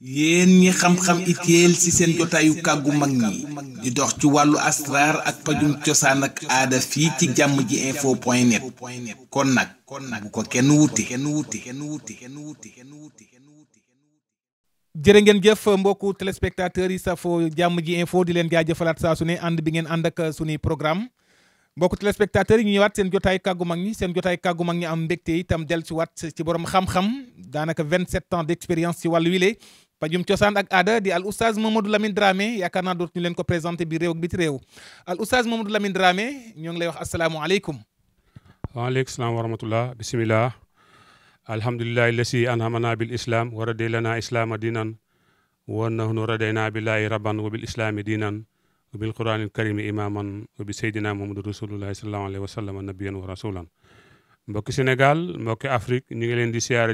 yéen ñi xam-xam itéel ci seen jotaayu kàggu mag ñi di dox ci wàllu asraar ak pajum cosaan ak aada fii ci jàmm ji info point net kon nag bu ko kenn wuti jërë ngeen jëf mbokku téléspectateurs yi safo jàmm ji info di leen jaajëfalaat saa su ànd bi ngeen ànd ak suñuy programme mbokku téléspectateurs yi ñu ñëwaat seen jotaay kàggu mag ñi seen jotaay kàggu mag ñi am mbégte itam dellusiwaat ci borom xam-xam daanaka 27 ans d'expérience ci wàllu wile pajum cosaan ak aada di al oustaz Mamadou Lamine Dramé yaakaar naa dootuñu leen ko présenté bi réew ak biti réew al oustaz Mamadou Lamine Dramé ngi lay wax asalaamualeykum. waaleykum salaam wa rahmatullah bisimilah. alhamdulilah lasi anhamana bil islam wa radi lana islaama diinan wa nahnu radayna billahi rabban wa bil islaami diinan wa bil qur'aanil karimi imaaman wa bi sayyidina muhammadu rasulullahi sallallahu alayhi wa nabiyan wa mbokki Sénégal ñu ngi leen di siyaare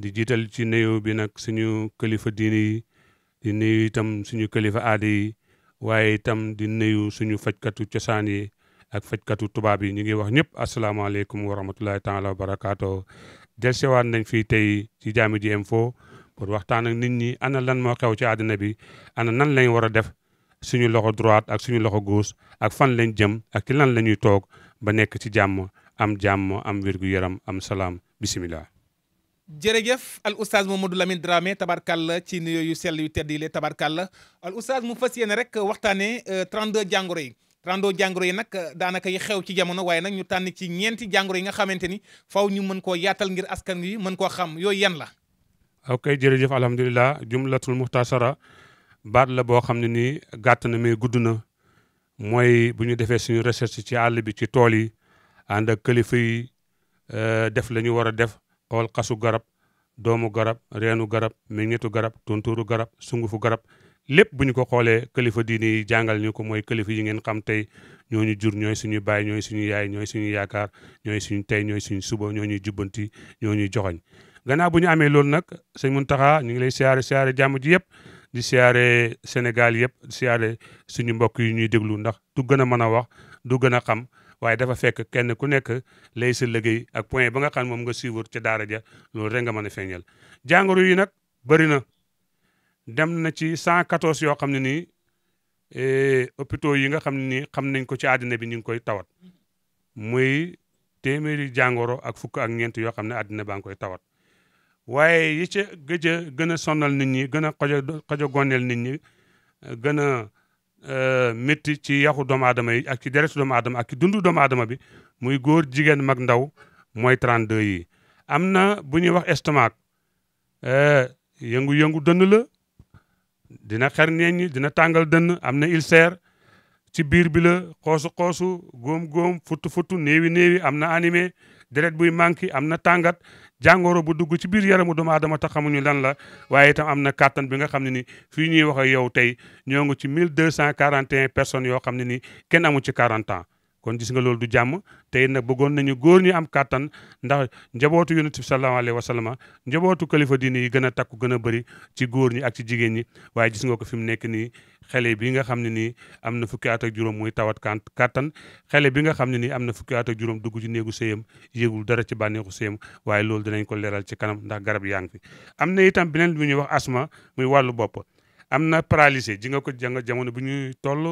di jiital ci nuyu bi nag suñu kilifa diini yi di nuyu itam suñu kilifa aada yi waaye itam di nuyu suñu fajkatu cosaan yi ak fajkatu tubaab yi ñu ngi wax ñëpp asalaamaaleykum wa rahmatulahi taala wa barakaatu. delsewaat nañ fii tey ci Jammj Infos pour waxtaan ak nit ñi ana lan moo xew ci àddina bi ana nan lañ war a def suñu loxo droite ak suñu loxo gauche ak fan lañ jëm ak lan la ñuy toog ba nekk ci jàmm am jàmm am wér yaram am salaam bisimilah. jërëjëf al oustaz Mamadou Lamine Dramé tabarkalla ci nuyoo yu sell yu tedd yi le tabarkalla al oustaz mu fas yéene rek waxtaanee 32 euh, jàngoro yi 32 jàngoro yi nag euh, daanaka yi xew ci jamono waaye nag ñu tànn ci ñeenti jàngoro yi nga xamante ni faw ñu mën koo yaatal ngir askan wi mën koo xam yooyu yan la. ok jërëjëf alhamdulilah jumlatul muxtasara baat la boo xam ne nii gàtt na mais gudd na mooy bu ñu defee suñu recherche ci àll bi ci tool yi ànd ak kilifa yi euh, def la ñu war a def. kool kasu garab doomu garab reenu garab meññetu garab tontuuru garab sungufu garab lépp bu ñu ko xoolee kilifa diine yi jàngal ñu ko mooy kilifa yi ngeen xam tey ñooñu jur ñooy suñu baay ñooy suñu yaay ñooy suñu yaakaar ñooy suñu tey ñooy suñu suba ñoo ñuy jubbanti ñoo ñuy joxoñ gannaaw bu ñu amee loolu nag sëñ Muntaxa ñu ngi lay siyaare siyaare jàmm ji yëpp di siyaare Sénégal yëpp di siyaare suñu mbokk yi ñuy déglu ndax du gën a mën a wax du gën a xam waaye dafa fekk kenn ku nekk lay sa liggéey ak point ba nga xam moom nga suivre ca daara ja loolu rek nga mën a feeñal. jàngoro yi nag bëri na dem na ci 114 yoo xam ne nii e, hôpitaux yi nga xam ne nii xam nañ ko ci àddina bi ñu ngi koy tawat muy téeméeri jàngoro ak fukk ak ñeent yoo xam ne àddina baa ngi koy tawat. waaye yi ca gëj a gën a sonal nit ñi gën a xoj a xoj nit ñi gën a Euh, métti ci yaxu doomu aadama yi ak ci deretu doomu aadama ak ci dundu doomu aadama bi muy góor jigéen mag ndaw mooy 32 yi. am na bu ñuy wax estomac euh, yëngu-yëngu dënn la dina xer ñeeñ dina tàngal dënn am na ulcère ci biir bi la xoosu xoosu góom góom futu futu néewi néewi am na animé deret buy manqué am na tàngat jàngoro bu dugg ci biir yaramu doomu aadama te xamuñu lan la waaye itam am na kàttan bi nga xam ne ni fii ñuy wax ak yow tey ñoo ngu ci mille deux cent quarante et un yoo xam ne ni kenn amu ci quarante ans kon gis nga loolu du jàmm tey nag bëggoon nañu góor ñi am kàttan ndax njabootu yonent bi sallallahu alayhi wa sallam njabootu kalifa diine yi gën a takku gën a bëri ci góor ñi ak ci jigéen ñi waaye gis nga ko fi mu nekk nii xelee bi nga xam ne ni am na fukki at ak juróom muy tawat kan kàttan xale bi nga xam ne nii am na fukki at juróom dugg ci néegu seeyam yéegul dara ci bànneexu sëyam waaye loolu dinañ ko leeral ci kanam ndax garab yaa ngi fi am na itam beneen bu ñuy wax asma muy wàllu bopp am na paralysé ji nga ko janga jamono bu ñuy toll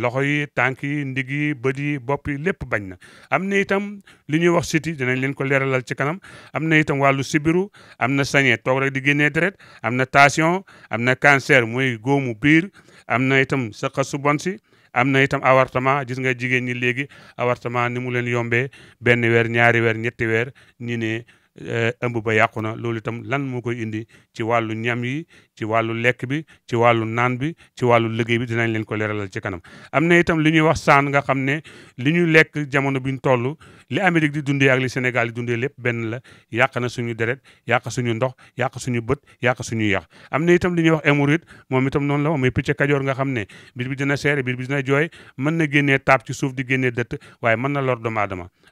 loxo yi tànk yi ndig yi bët yi bopp yi lépp bañ na am na itam li ñuy wax siti dinañ leen ko lal ci kanam am na itam wàllu sibiru am na sañe toog rek di génnee deret am na tension am na cancer muy góomu biir am na itam saqa su si am na itam avortement gis nga jigéen ñi léegi avortement ni mu leen yombee benn weer ñaari weer ñetti weer ñi ne euh, ëmb ba yàqu na loolu itam lan moo koy indi ci wàllu ñam yi ci wàllu lekk bi ci wàllu naan bi ci wàllu liggéey bi dinañ leen ko leeralal ci kanam am na itam lu ñuy wax saan nga xam ne li ñuy lekk jamono bi ñu toll li Amérique di dundee ak li Sénégal di dundee lépp benn la yàq na suñu deret yàq suñu ndox yàq suñu bët yàq suñu yax am na itam li ñuy wax hémorroïde moom itam noonu la moom mooy picc kajoor nga xam ne biir bi dina seere biir bi dina jooy mën na génnee taab ci suuf di génnee dëtt waaye mën na lor doomu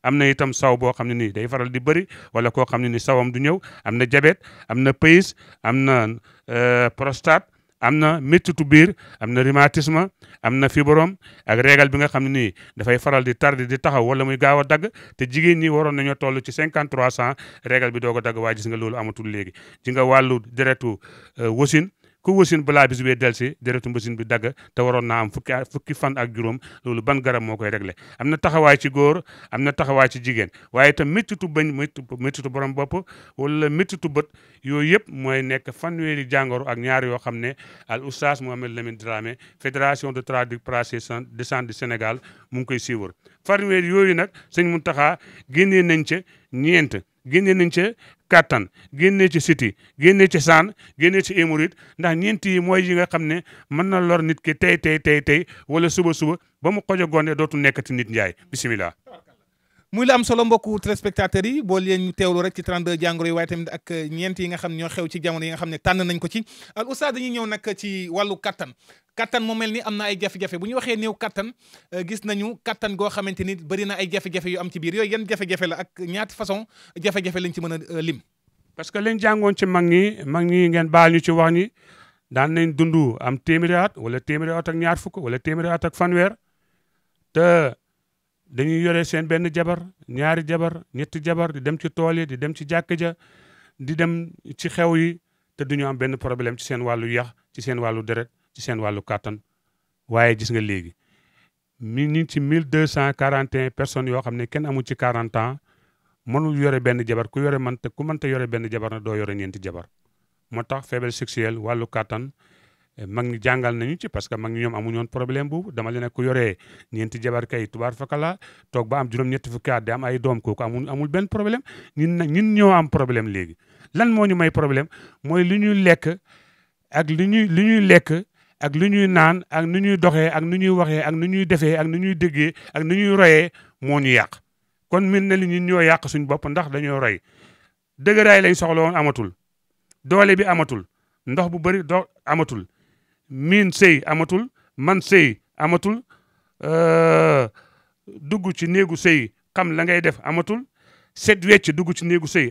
am na itam saw boo xam ne nii day faral di bëri wala koo xam ne ni sawam du ñëw am na jabet am na pays am na Euh, prostate am na méttitu biir am na rhumatisme am na fibrome ak régal bi nga xam ne nii dafay faral di tardi di taxaw wala muy gaaw a dagg te jigéen ñi waroon nañoo toll ci cinquante trois cent régal bi doog a dagg waaye gis nga loolu amatul léegi. ci nga wàllu deretu euh, wasin ku wasin balaa bis bee delsi deretu mbasin bi dagg te waroon naa am fukki fukki fan ak juróom loolu ban garab moo koy réglé am na taxawaay ci góor am na taxawaay ci jigéen waaye itam méttitu bañ méttitu borom bopp wala méttitu bët yooyu yëpp mooy nekk fan fanweeri jàngoro ak ñaar yoo xam ne al oustaz Mohamed Lamine Dramé fédération de tradipraticien de santé du Sénégal mu ngi koy siiwar fanweer yooyu nag sëñ Mountakha génnee nañ ca ñeent génne nañ ca kattan génne ci siti génne ci saan génne ci émurit ndax ñeenti yi mooy yi nga xam ne mën na lor nit ki tey tey tey tey wala suba suba ba mu xojo gonde dootu nekkati nit njaay bisimilah. muy la am solo mbokku téléspectateurs yi boo leen ñu teewlu rek ci 32 jàngoro yi waaye tamit ak euh, ñeent yi nga xam ñoo xew ci jamono yi nga xam ne tànn ko ci al oustaz dañuy ñëw nag ci wàllu kattan kattan moo mel ni am na ay jafe-jafe bu ñu waxee néew kattan euh, gis nañu kattan goo xamante ni bëri na ay jafe-jafe yu am ci biir yooyu yan jafe-jafe la ak ñaat façon jafe-jafe lañ ci mën a euh, lim parce que liñ jàngoon ci mag ñi mag ñi ngeen baal ñu ci wax ñi daan nañ dundu am téeméeri at wala téeméeri ak ñaar fukk wala téeméeri ak fanweer te dañuy yore seen benn jabar ñaari jabar ñetti jabar di dem ci tool yi di dem ci jàkk ja di dem ci xew yi te duñu am benn problème ci seen wàllu yax ci seen wàllu deret ci seen wàllu kàttan waaye gis nga léegi mi ñu ci mille deux cent quarante et un personnes yoo xam ne kenn amul ci quarante ans mënul yore benn jabar ku yore mënta ku mënta yore benn jabar na doo yore ñeenti jabar moo tax faiblesse sexuelle wàllu kàttan mag ñi jàngal nañu ci parce que mag ñi ñoom amuñu woon problème bu dama na ku yoree ñeenti jabar kay tubaar fakala toog ba am juróom-ñetti fukki at ay doom kooku amul amul benn problème ñun nag ñun ñoo am problème léegi. lan moo ñu may problème mooy lu ñuy lekk ak lu ñuy lu ñuy lekk ak lu ñuy naan ak nu ñuy doxee ak nu ñuy waxee ak nu ñuy defee ak nu ñuy déggee ak nu ñuy royee moo ñu yàq kon min na li ñun ñoo yàq suñu bopp ndax dañoo roy dëgëraay lañ soxla woon amatul doole bi amatul ndox bu bëri do amatul. miin sey amatul man sey amatul euh, dugg ci néegu sëy xam la ngay def amatul set wecc dugg ci néegu sëy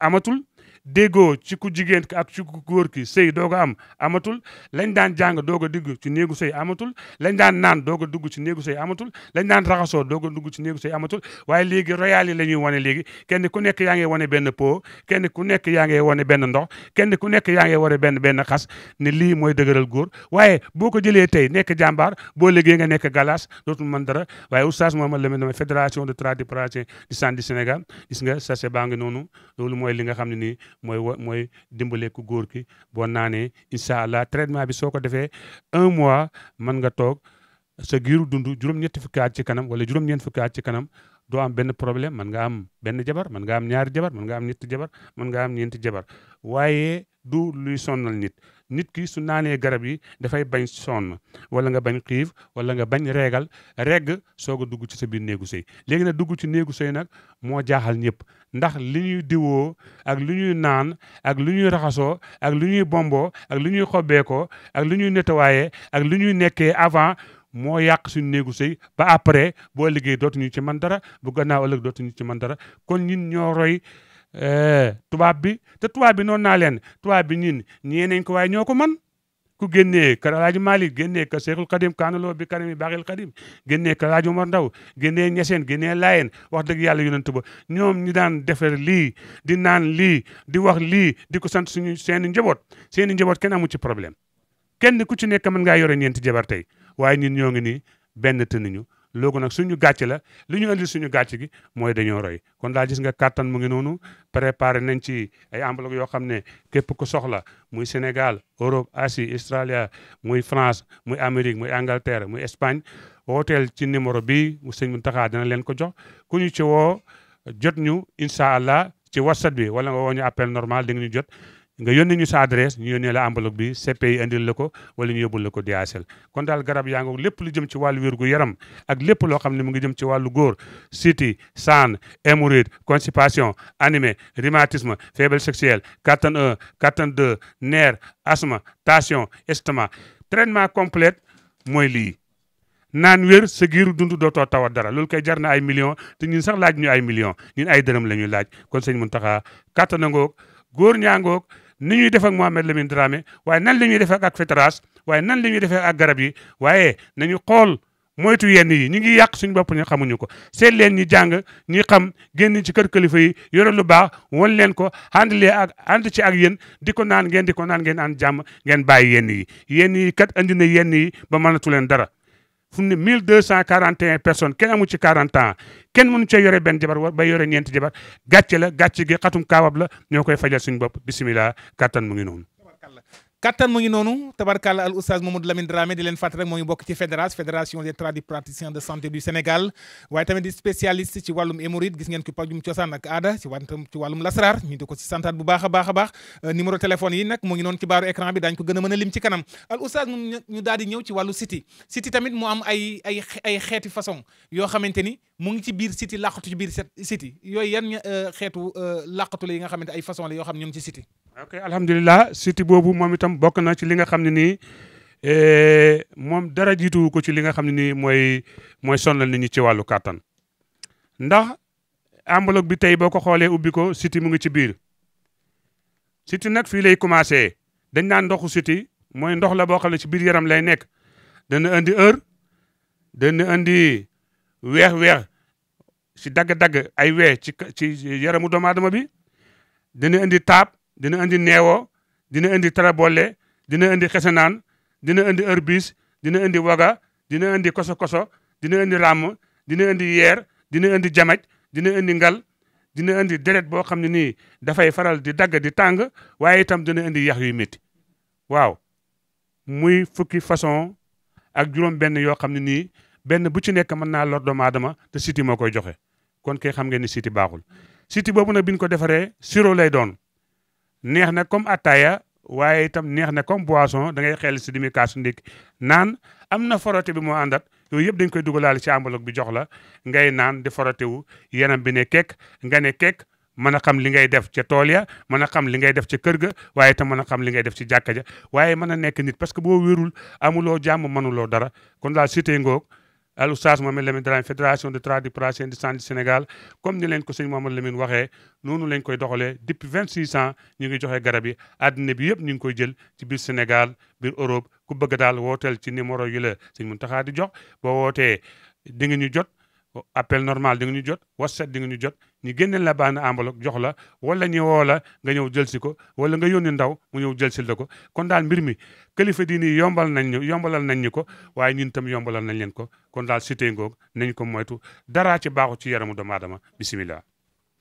amatul déggoo ci ku jigéen ki ak ci ku góor ki sëy doog a am amatul lañ daan jàng doog a dugg ci néegu sëy amatul lañ daan naan doog a dugg ci néegu sëy amatul lañ daan raxasoo doog a dugg ci néegu sëy amatul waaye léegi royal yi la ñuy wane léegi kenn ku nekk yaa ngi wane benn po kenn ku nekk yaa ngi wane benn ndox kenn ku nekk yaa ngi wane benn benn xas ne lii mooy dëgëral góor waaye boo ko jëlee tey nekk jàmbaar boo liggéey nga nekk galas dootul mën dara waaye oustaz Mouhamed Lamine Ndao fédération de tradipraticiens du Centre Sénégal gis nga sachet baa ngi noonu loolu mooy li nga xam ne nii mooy wa mooy dimbale ku góor ki boo naanee incha allah traitement bi soo ko defee un mois mën nga toog sa giiru dund juróom-ñetti fukki at ci kanam wala juróom-ñeent fukki at ci kanam doo am benn problème mën nga am benn jabar mën nga am ñaari jabar mën nga am ñetti jabar mën nga am ñeenti jabar waaye du luy sonnal nit nit ki su naanee garab yi dafay bañ sonn wala nga bañ xiif wala nga bañ reegal regg soog a dugg ci sa biir néegu sëy léegi nag dugg ci néegu sëy nag moo jaaxal ñëpp ndax li ñuy diwoo ak lu ñuy naan ak lu ñuy raxasoo ak lu ñuy bomboo ak li ñuy xobbeekoo ak lu ñuy nettoyé ak lu ñuy nekkee avant moo yàq suñu néegu sëy ba après boo liggéey dootuñu ci man dara bu gannaaw ëllëg dootuñu ci man dara kon ñun ñooroy Eh, tubaab bi te tubaab bi noonu naa leen tubaab bi ñin ñee nañ ko waaye ñoo ko man ku génnee ka Alaaji Malik génnee ka Seexul Xadim kaanaloo bi kanami baaxil Xadim génnee ka Alaaji Omar Ndaw génnee ñeseen génnee laayeen wax dëgg yàlla yonent ba ñoom ñi daan defar lii di naan lii di wax lii di ko sant suñu seen njaboot seen njaboot kenn amu ci problème kenn ku ci nekk mën ngaa yore ñeenti jabar tey waaye ñun ñoo ngi nii benn te loogu nag suñu gàcce la li ñu indi suñu gàcce gi mooy dañoo roy kon daal gis nga kàttan mu ngi noonu préparé nañ ci ay enveloppe yoo xam ne képp ku soxla muy Sénégal Europe Asie Australia muy France muy Amérique muy Angleterre muy Espagne wooteel ci numéro bi mu sëñ Mountakha dina leen ko jox ku ñu ci woo jot ñu incha allah ci WhatsApp bi wala nga woo ñu appel normal di nga ñu jot nga yónni ñu sa adresse ñu yónnee la enveloppe bi CPI indil la ko wala ñu yóbbul la ko DHL kon daal garab yaa ngi lépp lu jëm ci wàllu wér yaram ak lépp loo xam ne mu ngi jëm ci wàllu góor siti saan hémorroïde constipation anémie rhumatisme faible sexuelle kattan 1 kattan 2 nerf asthme tension estomac traitement complet mooy lii naan wér sa giiru dund dootoo tawat dara loolu koy jar na ay millions te ñun sax laaj ñu ay million ñun ay dërëm la ñuy laaj kon sëñ Mountakha kattan a ngoog góor ñaa ni ñuy def ak Mohamed Lamine Dramé waaye nan la ñuy defee ak Fetaras waaye nan la ñuy defee ak garab yi waaye nañu xool moytu yenn yi ñu ngi yàq suñu bopp ñu xamuñu ko seet leen ñi jàng ñi xam génn ci kër kalifa yi yore lu baax wan leen ko ànd lee ak ànd ci ak yéen di ko naan ngeen di ko naan ngeen ànd jàmm ngeen bàyyi yenn yi yenn yi kat andi na yenn yi ba mënatu leen dara fu mu ne mille deux cent quarante et un personnes kenn amu ci quarante ans kenn mënu cee yore benn jabar ba yore ñeenti jabar gàcce la gàcce gi xatum kaawab la ñoo koy fajal suñu bopp bisimilah kattan mu ngi noonu kattan mu ngi noonu tabarkalla al oustaz Mamadou Lamine Dramé di leen fàttali moo ngi bokk ci fédéras fédération des tradipraticiens de santé du Sénégal waaye tamit di spécialiste ci wàllum hémorroïde gis ngeen ko pajum cosaan ak aada ci wàntam ci wàllum lasraar ci santaat bu baax a baax a baax euh, numéro téléphone yi nag mu ngi noonu ci baaru écran bi daañu ko gën a mën a lim ci kanam al oustaz mu ñu daal ñëw ci wàllu siti siti tamit mu am ay euh, euh, la yi nga xamante ay façon la yoo xam bokk na ci li nga xam ne nii eh, moom dara jiituwu ko ci li nga xam ne nii mooy mooy sonal nit ñi ci wàllu kàttan ndax enveloppe bi tey boo ko xoolee ubbi ko siti mu ngi ci biir siti nag fi lay commencé dañ naan ndoxu siti mooy ndox la boo xam ne ci biir yaram lay nekk dana andi heure dana andi weex-weex si dagg-dagg ay weex ci yaramu doomu aadama bi dana andi taab dana andi neewo dina indi tarabolle dina indi xesenaan dina indi bis dina indi waga dina indi koso-koso dina indi ràmm dina indi yeer dina indi jamaj dina indi ngal dina indi deret boo xam ne nii dafay faral di dagg di tàng waaye itam dina indi yax yuy métti waaw muy fukki façon ak juróom benn yoo xam ne nii benn bu ci nekk mën naa lor doomu aadama te siti moo koy joxe kon ke xam ngeen ni siti baaxul siti boobu nag bi ñu ko defaree sirop lay doon neex na comme attaaya waaye itam neex na comme boisson da ngay xel si dimi kaasu ndékki naan am na forote bi moo àndat yooyu yëpp dañ koy dugalaal ci enveloppe bi jox la ngay naan di forote wu yanam bi ne kekk nga ne kekk mën a xam li ngay def ca tool ya mën a xam li ngay def ca kër ga waaye itam mën a xam li ngay def ci jàkka ja waaye mën a nekk nit parce que boo wérul amuloo jàmm mënuloo dara kon daal cité ngoog al oustaz Mohamed Lamine Dramé fédération de tradipraticiens du centre du Sénégal comme ni leen ko sëñ Mohamed Lamine waxee noonu lañ koy doxalee depuis 26 ans ñu gi joxe garab yi àddina bi yëpp ñu ngi koy jël ci biir Sénégal biir Europe ku bëgg daal wootel ci numéro yi la sëñ Mountakha di jox boo wootee di nga ñu jot appel normal di nga ñu jot WhatsApp di nga ñu jot ñi génneel la benn enveloppe jox la wala ñu woo la nga ñëw jël si ko wala nga yónni ndaw mu ñëw jël si la ko kon daal mbir mi kilifa diine yi yombal nañ ñu yombalal nañ ñu ko waaye ñun tam yombalal nañ leen ko kon daal cité ngoog nañ ko moytu daraa ci baaxu ci yaramu doomu aadama bisimillah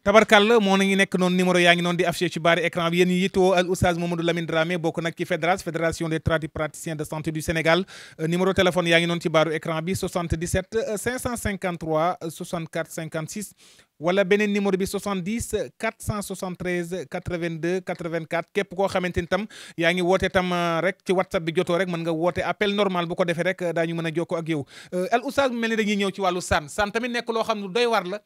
tabarkàlla moo ngi nekk noonu numéro yaa ngi noon di affiché ci baari écran bi yéen ñi yittewoo al oustaz Mamadou Lamine Dramé bokk nag ci FEDRAS fédération des tradipraticiens de santé du Sénégal euh, numéro téléphone yaa ngi noonu ci baaru écran bi 77 553 64 56 wala beneen numéro bi 70 473 82 84 képp koo xamante ni tam yaa ngi woote tam euh, rek ci whatsapp bi jotoo rek mën nga woote appel normal bu ko defee rek euh, daañu mën a jokkoo ak yow euh, al oustaz mel ni dañuy ñëw ci wàllu saan saan tamit nekk loo xam ne doy war la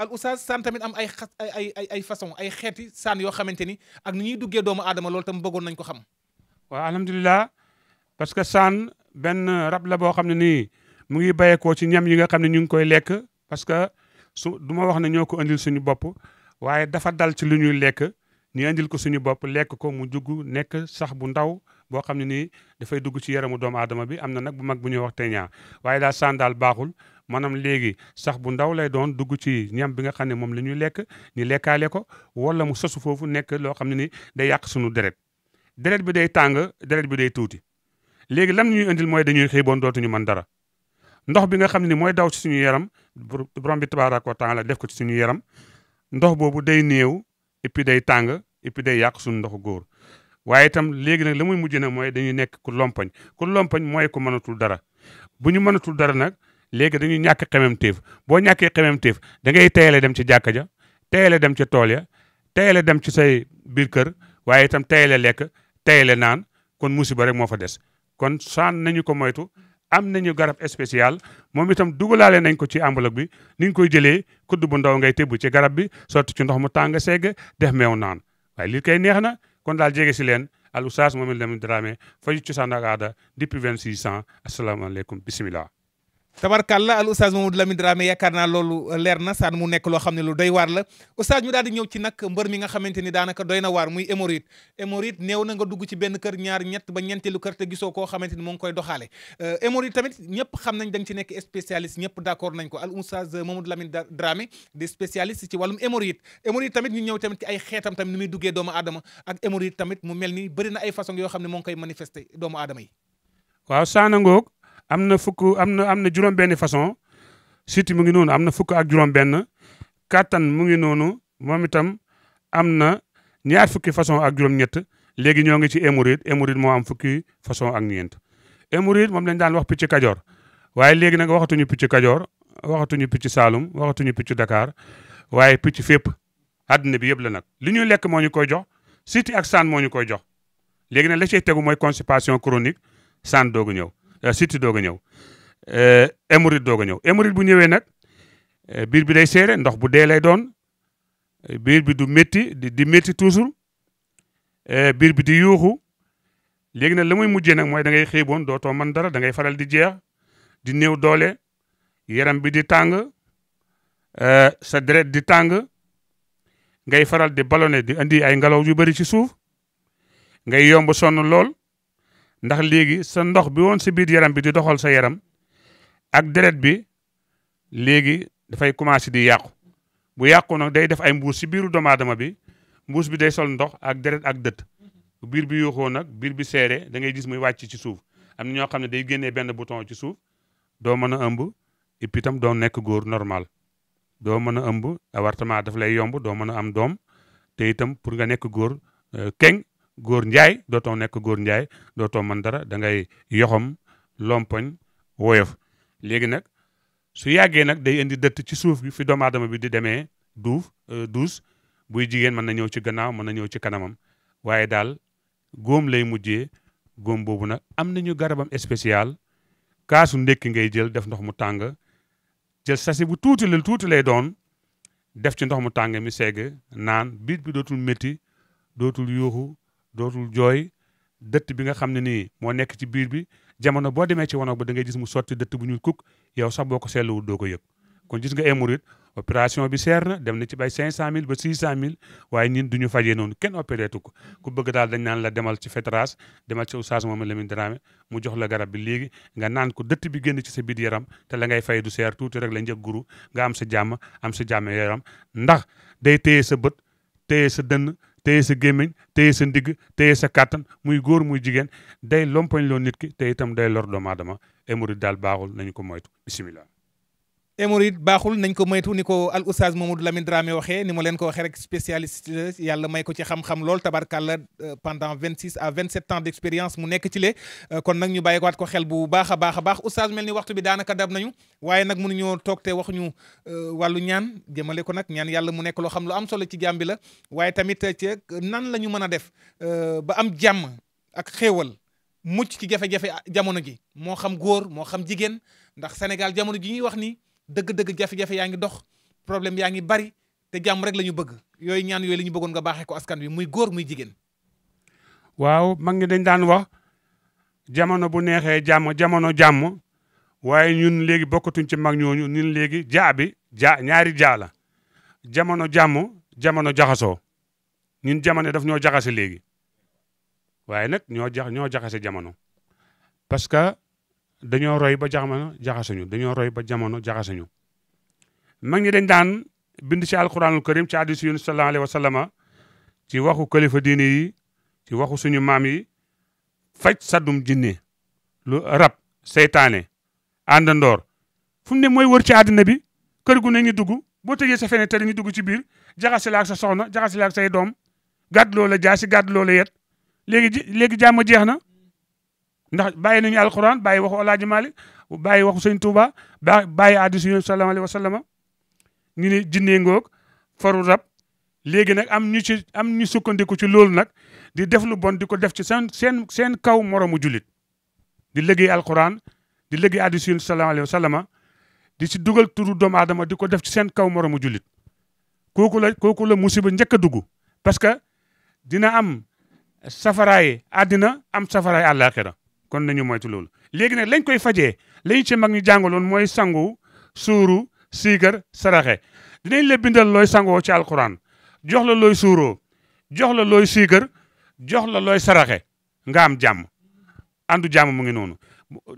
al oustaz saan tamit am ay ay ay ay façon ay xeeti saan yoo xamante ni ak ni ñuy duggee doomu aadama loolu tam bëggoon nañ ko xam waaw alhamdulilah parce que saan benn rab la boo xam ne nii mu ngi bàyyeekoo ci ñam yi nga xam ne ñu ngi koy lekk parce que su du ma wax ne ñoo ko indil suñu bopp waaye dafa dal ci lu ñuy lekk ñu indil ko suñu bopp lekk ko mu jugg nekk sax bu ndaw boo xam ne ni dafay dugg si yaramu doomu aadama bi am na nag bu mag bu ñuy wax teñaa waaye daal saan daal baaxul maanaam léegi sax bu ndaw lay doon dugg ci ñam bi nga xam ne moom la ñuy lekk ñu lekkaale ko wala mu sosu foofu nekk loo xam ne ni day yàq suñu deret deret bi day tàng deret bi day tuuti léegi lan ñuy indil mooy dañuy xiiboon dootuñu man dara ndox bi nga xam ne ni mooy daw si suñu yaram borom bi tabaaraka wa taala def ko ci suñu yaram ndox boobu day néew et puis day tàng et day yàq suñu ndoxu góor waaye itam léegi nag la muy mujj nag mooy dañuy nekk ku lompañ ku lompañ mooy ku mënatul dara bu ñu mënatul dara nag léegi dañuy ñàkk xememteef boo ñàkkee xememteef da ngay teyale dem ci jàkka ja teyale dem ci tool ya teyale dem ci say biir kër waaye itam teyale lekk teyale naan kon musiba rek moo fa des kon saan nañu ko moytu am nañu garab spécial moom itam dugalaale nañ ko ci enveloppe bi ni ñu koy jëlee kudd bu ndaw ngay tëbb ci garab bi sotti ci ndox mu tàng segg def meew naan waaye li kay neex na kon daal jege si leen al oustaz Mouhamadou Lamine Dramé faju cosaan ak aada depuis 26 ans asalaamaaleykum bisimilah. tabarkàlla al oustaz Mamadou Lamine Dramé yaakaar naa loolu leer na saan mu nekk loo xam ne lu doy waar la oustaz ñu daal di ñëw ci nag mbër mi nga xamante daanaka doy na waar muy hémorroïde hémorroïde néew na nga dugg ci benn kër ñaar ñett ba ñeenteelu kër te gisoo koo xamante moo ngi koy doxaale euh, hémorroïde tamit ñëpp xam nañ da nga nekk spécialiste ñëpp d'accord nañ ko al oustaz Mamadou Lamine Dramé di spécialiste ci wàllum hémorroïde hémorroïde tamit ñu ñëw tamit ci ay xeetam tamit ni muy duggee doomu aadama ak hémorroïde tamit mu mel ni bëri na ay façon yoo xam ne moo ngi koy manifester doomu aadama am na fukk am na am na juróom-benn façon siti mu ngi noonu am na fukk ak kattan mu ngi noonu moom itam am na ñaar fukki façon ak juróom-ñett léegi ñoo ngi ci émourid émourid moo am fukki façon ak ñeent. émourid moom lañ daan wax picc kajoor waaye léegi nag waxatuñu picc kajoor waxatuñu picc Saalum waxatuñu picc Dakar waaye picc fépp àdduna bi yëpp la nag li ñuy lekk moo ñu koy jox siti ak saan moo ñu koy jox léegi nag la cay mooy constipation chronique saan doogu ñëw. Siteu euh, doog a ñëw euh, émorite doog a ñëw émorite bu ñëwee nag euh, biir bi day seere ndox bu dee lay doon biir bi du métti di métti toujours e biir bi di yuuxu léegi nag la muy mujjee nag mooy dangay ngay dootoo man dara dangay faral di jeex di néew doole yaram bi di tàng sa deret di tàng ngay faral di ballonné di andi ay ngelaw yu bari ci suuf ngay yomb sonn lool ndax léegi sa ndox bi woon si biir yaram bi di doxal sa yaram ak deret bi léegi dafay commencé di yàqu bu yàqu nag day def ay mbuus si biiru doomu aadama bi mbuus bi day sol ndox ak deret ak dëtt biir bi yuuxoo nag biir bi seere da ngay gis muy wàcc ci suuf am na ñoo xam ne day génnee benn bouton ci suuf doo mën a ëmb et puis tam doo nekk góor normal doo mën a ëmb avortement daf lay yomb doo mën a am doom te itam pour nga nekk góor euh, keng góor njaay dootoo nekk góor njaay dootoo mën dara da ngay yoxam lompoñ woyof léegi nag su yàggee nag day indi dëtt ci suuf bi fi doomu aadama bi di demee duuf euh, duus buy jigéen mën na ñëw ci gannaaw mën na ñëw ci kanamam waaye daal góom lay mujjee góom boobu nag am nañu garabam spécial kaasu ndekki ngay jël def ndox mu tàng jël sasi bu tuuti la tuuti lay doon def ci ndox mu tàng mi segg naan biit bi dootul métti dootul yuuxu dootul jooy dëtt bi nga xam ne nii moo nekk ci biir bi jamono boo demee ci wanag ba da ngay gis mu sotti dëtt bu ñuul kukk yow sax boo ko seetluwul doo ko yëg kon gis nga hémorroïde opération bi seer na dem na ci bay 500000 ba 600000 waaye ñun du ñu fajee noonu kenn opéreetu ko ku bëgg daal dañ naan la demal ci Feteraas demal ci Oustaz Mouhamed Lamine Dramé mu jox la garab bi léegi nga naan ko dëtt bi génn ci sa biir yaram te la ngay fay du seer rek la njëg guru nga am sa jàmm am sa jàmm yaram ndax day téye sa bët téye sa dënn téye sa gémmiñ téye sa ndigg téye sa kattan muy góor muy jigéen day lompoñ loo nit ki tey itam day lor doomu aadama hémorroïde daal baaxul nañu ko moytu bisimilah. hémorroïde baaxul nañ ko moytu ni ko al oustaz Mamadou Lamine Dramé waxee ni ma leen ko waxee rek spécialiste la yàlla may ko ci xam-xam lool tabarkàlla euh, pendant vingt six à vingt sept ans d' mu nekk ci le euh, kon nag ñu bàyyikwaat ko xel bu baax a baax a baax oustaz mel ni waxtu bi daanaka dab nañu waaye nag mënuñoo toog te waxuñu euh, wàllu ñaan jëmale ko nag ñaan yàlla mu nekk loo xam lu am solo ci jàmm la waaye tamit ci nan la ñu mën a def ba am jàmm ak xéewal mucc ci jafe-jafe ah, jamono ji moo xam góor moo xam jigéen ndax Sénégal jamono ji wax nii dëgg-dëgg jafe-jafe yaa ngi dox problème yaa ngi bari te jàmm rek la ñu bëgg yooyu ñaan yooyu la ñu bëggoon nga baaxee ko askan wi muy góor muy jigéen. waaw mag ñi dañ daan wax jamono bu neexee jàmm jamono jàmm waaye ñun léegi bokkatuñ ci mag ñooñu ñun léegi jaa bi jaa ñaari jaa jamono jàmm jamono jaxasoo ñun jamono daf ñoo jaxase léegi waaye nag ñoo jax ñoo jaxase jamono parce dañoo roy ba jamono jaxasuñu dañoo roy ba jamono jaxasuñu mag ñi dañ daan bind ci alquranul karim ci hadisu yunus sallallahu alayhi wa sallama ci waxu kalifa diini yi ci waxu suñu maam yi faj saddum jinne lu rab seytaane àndandoor fu mu ne mooy wër ci àddina bi kër gu ne ñu dugg boo tëjee sa fenêtre dañuy dugg ci biir jaxase la ak sa soxna jaxase la ak say doom gàdd loola jaasi gàdd loola yet léegi léegi jàmm jeex na ndax bàyyi nañu alxuraan bàyyi waxu Alaaji Maalik bàyyi waxu sëñ Touba ba bàyyi hadiis Yonent bi sallallahu alayhi wa sallam ñu ne jinne ngoog faru rab léegi nag am ñu ci am ñu sukkandiku ci loolu nag di def lu bon di ko def ci seen seen seen kaw moromu jullit di liggéey alquran di liggéey hadiis Yonent bi sallallahu alayhi di si dugal turu doomu aadama di ko def ci seen kaw moromu jullit kooku la kooku la musiba njëkk a dugg parce que dina am safaraay àddina am safaraay àllaaxira kon nañu moytu loolu. léegi nag lañ koy fajee lañu ci mag ñu jàngaloon mooy sangu suuru siigar saraxe dinañ la bindal looy sangoo ci alquran jox la looy suuroo jox la looy siigar jox la looy saraxe nga am jàmm àndu jàmm mu ngi noonu.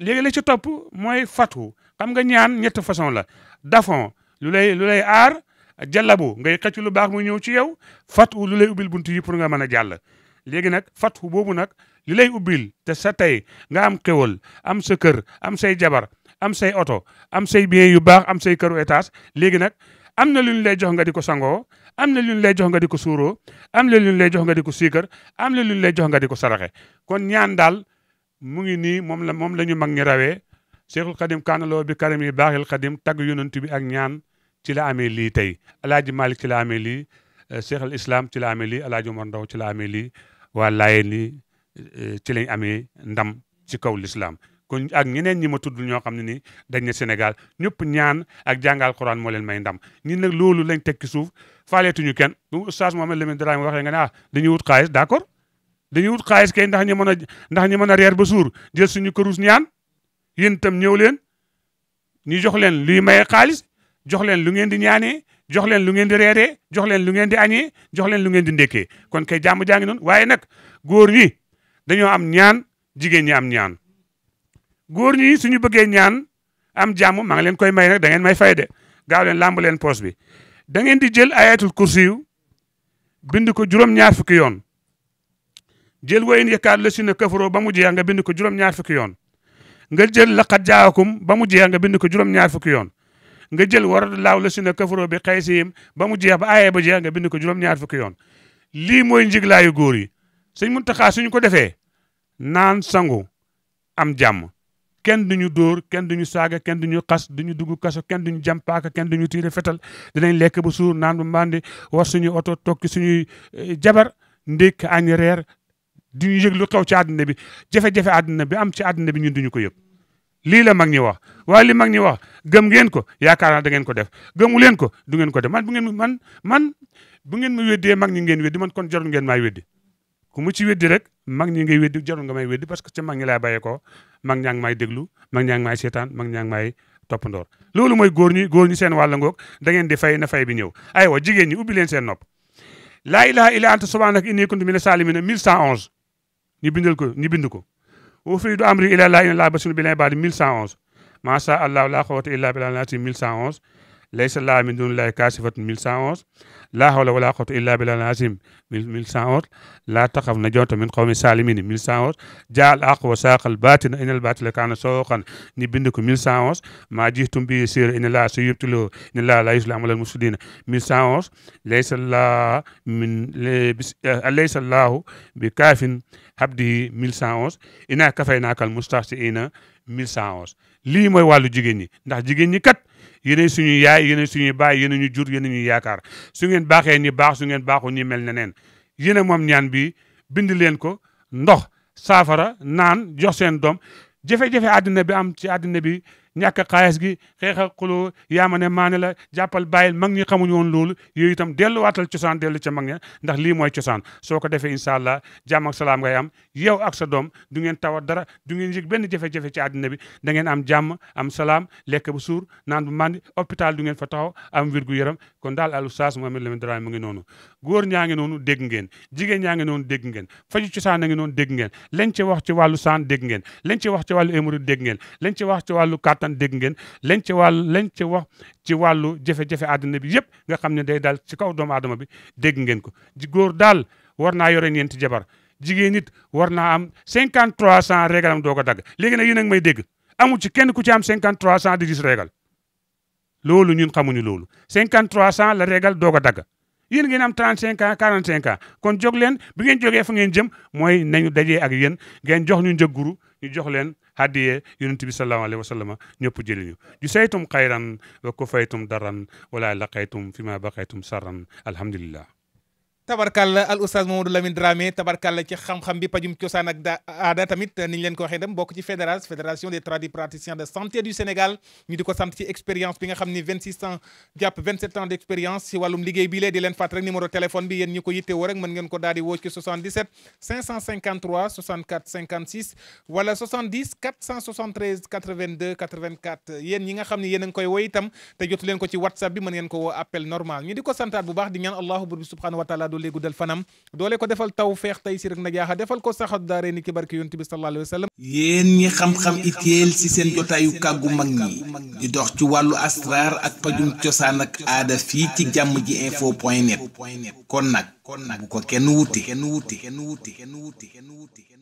léegi la ci topp mooy fatu xam nga ñaan ñett façon la dafon lu lay lu lay aar jàllabu ngay xëcc lu baax mu ñëw ci yow fatu lu lay ubbil bunt yi pour nga mën a jàll léegi nag fatu boobu nag lilay lay ubbil te sa tey nga am xéwal am sa kër am say jabar am say oto am say bien yu baax am say këru étage léegi nag am na lu ñu lay jox nga di ko sangoo am na lu lay jox nga di ko suuroo am na lu lay jox nga di ko siikar am na lu ñu lay jox nga di ko saraxe kon ñaan daal mu ngi nii moom la moom la ñu mag ñi rawee Cheikhul Khadim kaanaloo bi karim yi baaxil Khadim tagg yonent bi ak ñaan ci la lii tey alaaji Malick ci la lii eh, Cheikh al Islam ci la amee lii alaaji Omar Ndaw ci la amee lii waa Laayeen Euh, ci lañ amee ndam ci kaw lislaam kon ak ñeneen ñi ma tudd ñoo xam ne ni dañ ne Sénégal ñëpp ñaan ak jàngal Alxuraan moo leen may ndam ñun nag loolu lañ tekki suuf faaleetuñu kenn bu oustaz Mohamed Lamine Dramé waxee nga ne ah wut xaalis d' accord dañuy wut xaalis kay ndax ñu mën a ndax ñu mën a reer ba suur jël suñu këruus ñaan yéen itam ñëw leen ñu jox leen luy maye xaalis jox leen lu ngeen di ñaanee jox leen lu ngeen di reeree jox leen lu ngeen di añee jox leen lu ngeen di ndekkee kon kay jàmm jaa ngi waaye nag góor ñi dañoo am ñaan jigéen ñi am ñaan góor ñi suñu bëggee ñaan am jàmm maa leen koy may nag da ngeen may fay de gaaw leen làmb leen poos bi da ngeen di jël ayatul kursi yu bind ko juróom-ñaar fukki yoon jël wayin yëkkaat la si ba mu jeex nga bind ko juróom-ñaar fukki yoon nga jël laqat jaawakum ba mu jeex nga bind ko juróom-ñaar fukki yoon nga jël warad laaw la si na kafaroo bi xay ba mu jee ba aayee ba jee nga bind ko juróom-ñaar fukki yoon lii mooy njiglaayu góor yi sëñ Muntaxa suñu ko defee naan sangu am jàmm kenn duñu dóor kenn duñu saaga kenn duñu xas duñu dugg kaso kenn duñu jam paaka kenn duñu tiire fetal dinañ lekk ba suur naan bu mbandi war suñu oto tokki suñu eh, jabar ndékk añ reer duñu yëg lu xew ci àdduna bi jafe-jafe àdduna bi am ci àdduna bi ñun duñu ko yëg lii la mag ñi wax waaye li mag ñi wax gëm ngeen ko yaakaar naa da ngeen ko def gëmu leen ko du ngeen ko def man bu ngeen man man bu ngeen ma weddee mag ñi ngeen weddi man kon jarul ngeen maa weddi ku ci weddi rek mag ñi ngay weddi jarul nga may weddi parce que ci mag ñi laa ko mag ñaa ngi may déglu mag ñaa ngi may seetaan mag ñaa ngi may toppandoor loolu mooy góor ñi ñi seen wàll ngoog da ngeen di fay na fay bi ñëw aywa jigéen ñi ubbi leen seen nopp laa ilaha illa anta subhanaka inni kuntu mina salimina 1111 ñu bindal ko ñu bind ko wa fii du amri ila laa laa basinu bi lay baadi 1111 maasa allah laa xawata illa billah naasi 1111 laysa laa min duni laahi kaasifatun 1111 laa hawla wala quwwata illaa billaahil aziim 1111 laa taxaf na jonta min qawmi saalimiin 1111 jaa al haqq wa saaqa al baatil inna al baatila kaana sahuuqan ñu bind ko 1111 maa ji'tum bihi sirran inna llaaha sayyubtiluhu inna llaaha laa yuslihu amalal mufsidiin 1111 laysa laa min laysa llaahu bi kaafin abdihi 1111 innaa kafaynaaka al mustahzi'iina 1111 lii mooy wàllu jigéen ñi ndax jigéen ñi kat yéenay suñu yaay yéenay suñuy baay yéenay ñu jur yéenay ñu yaakaar su ngeen baaxee ñi baax su ngeen baaxu ñi mel ne neen yéen a moom ñaan bi bind leen ko ndox saafara naan jox seen doom jafe-jafe bi am ci àddina bi ñàkk a xaalis gi xeex a xuloo yaama ne maane la jàppal bàyyil mag ñi xamuñu woon loolu yooyu itam delluwaatal cosaan dellu ca mag ña ndax lii mooy cosaan soo ko defee incha allah jàmm ak salaam ngay am yow ak sa doom du ngeen taw a dara du ngeen yëg benn jafe-jafe ci àddina bi da ngeen am jàmm am salaam lekk bu suur naan bu mandi hôpital du ngeen fa taxaw am wér gu yaram kon daal al oustaz Mouhamed Lamine Dramé mu ngi noonu góor ñaa ngi noonu dégg ngeen jigéen ñaa ngi noonu dégg ngeen faju cosaan ngi noonu dégg ngeen lañ ci wax ci wàllu saan dégg ngeen lañ wax ci wàllu émori dégg ngeen lañ ci wax ci wàllu kàtt waxtaan dégg ngeen lañ ci wàll lañ ci wax ci wàllu jafe-jafe bi yëpp nga xam ne day daal ci kaw doomu aadama bi dégg ngeen ko ji góor daal war naa yore ñeenti jabar jigéen it war naa am 53 cent régalam doo ko dagg léegi nag yéen a ngi may dégg amu ci kenn ku ci am 53 cent di gis regal loolu ñun xamuñu loolu 53 cent la régal doo ko dagg yéen ngeen am 35 ans 45 ans kon jog leen bi ngeen jógee fa ngeen jëm mooy nañu dajee ak yéen ngeen jox ñu njëg guru ñu jox leen haddiyee yonent bi sallallahu alayhi wa sallam ñëpp jëliñu ju saytum xayran wa ko faytum daran wala laqaytum fi ma baqaytum sarran alhamdulillah tabarkalla al oustaz Mamadou Lamine Dramé tabarkalla ci xam-xam bi pajum cosaan ak da aada tamit ni leen ko waxee dem bokk ci fédéral fédération des tradipraticiens de santé du Sénégal ñu di ko sant ci expérience bi nga xam ni 26 koy woy te jotu leen ko ci whatsapp bi mën ngeen ko woo appel normal ñu di ko santaat bu baax di ñaan allahu bur bi subhanahu dolli guddal fanam doole ko defal taw feex tey si rek na jaaxa defal ko saxat daare ni ki barke yonent bi sallallahu alayhi wa sallam yéen ñi xam-xam itéel si seen jotaayu kàggu mag ñi di dox ci wàllu asraar ak pajum cosaan ak aada fii ci jàmm ji info point net kon nag bu ko kenn wuti kenn wuti kenn wuti kenn wuti